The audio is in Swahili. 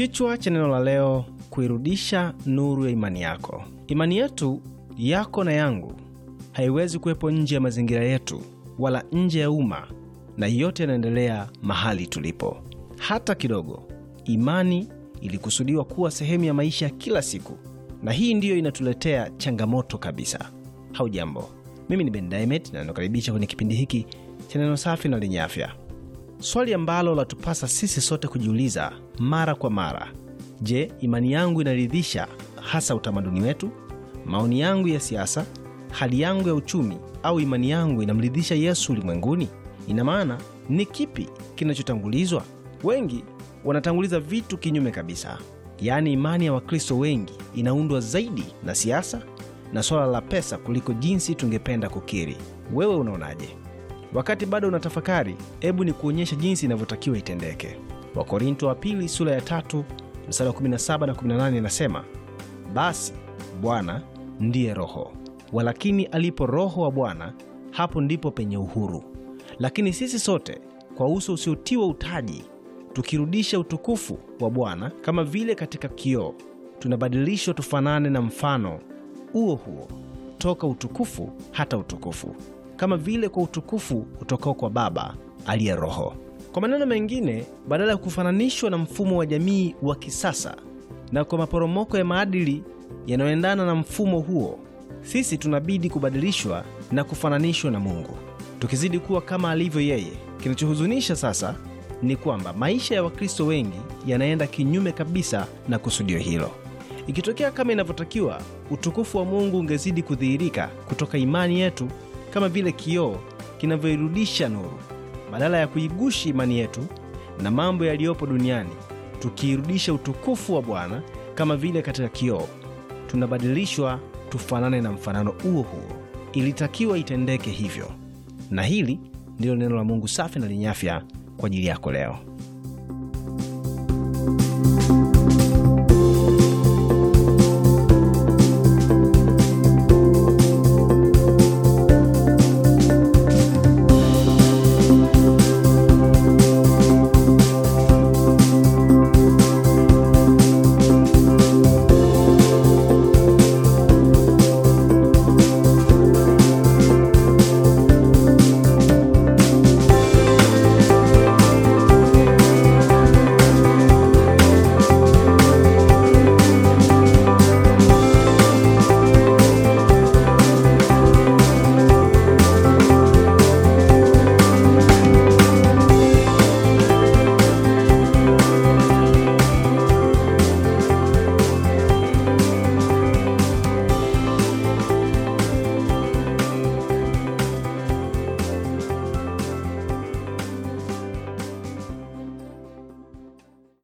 Kichwa cha neno la leo: kuirudisha nuru ya imani yako. Imani yetu, yako na yangu, haiwezi kuwepo nje ya mazingira yetu wala nje ya umma, na yote yanaendelea mahali tulipo, hata kidogo. Imani ilikusudiwa kuwa sehemu ya maisha ya kila siku, na hii ndiyo inatuletea changamoto kabisa. Haujambo, mimi ni Ben Diamond na nakaribisha kwenye kipindi hiki cha neno safi na lenye afya swali ambalo latupasa sisi sote kujiuliza mara kwa mara. Je, imani yangu inaridhisha hasa utamaduni wetu, maoni yangu ya siasa, hali yangu ya uchumi, au imani yangu inamridhisha Yesu ulimwenguni? Ina maana ni kipi kinachotangulizwa? Wengi wanatanguliza vitu kinyume kabisa. Yaani, imani ya Wakristo wengi inaundwa zaidi na siasa na swala la pesa kuliko jinsi tungependa kukiri. Wewe unaonaje? Wakati bado unatafakari, hebu ni kuonyesha jinsi inavyotakiwa itendeke. Wakorinto wa pili sura ya tatu mstari wa 17 na 18 inasema, basi Bwana ndiye Roho, walakini alipo Roho wa Bwana hapo ndipo penye uhuru. Lakini sisi sote kwa uso usiotiwa utaji, tukirudisha utukufu wa Bwana kama vile katika kioo, tunabadilishwa tufanane na mfano huo huo, toka utukufu hata utukufu kama vile kwa utukufu utokao kwa Baba aliye Roho. Kwa maneno mengine, badala ya kufananishwa na mfumo wa jamii wa kisasa na kwa maporomoko ya maadili yanayoendana na mfumo huo, sisi tunabidi kubadilishwa na kufananishwa na Mungu, tukizidi kuwa kama alivyo yeye. Kinachohuzunisha sasa ni kwamba maisha ya Wakristo wengi yanaenda kinyume kabisa na kusudio hilo. Ikitokea kama inavyotakiwa, utukufu wa Mungu ungezidi kudhihirika kutoka imani yetu kama vile kioo kinavyoirudisha nuru, badala ya kuigushi imani yetu na mambo yaliyopo duniani, tukiirudisha utukufu wa Bwana kama vile katika kioo, tunabadilishwa tufanane na mfanano huo huo. Ilitakiwa itendeke hivyo, na hili ndilo neno la Mungu safi na lenye afya kwa ajili yako leo.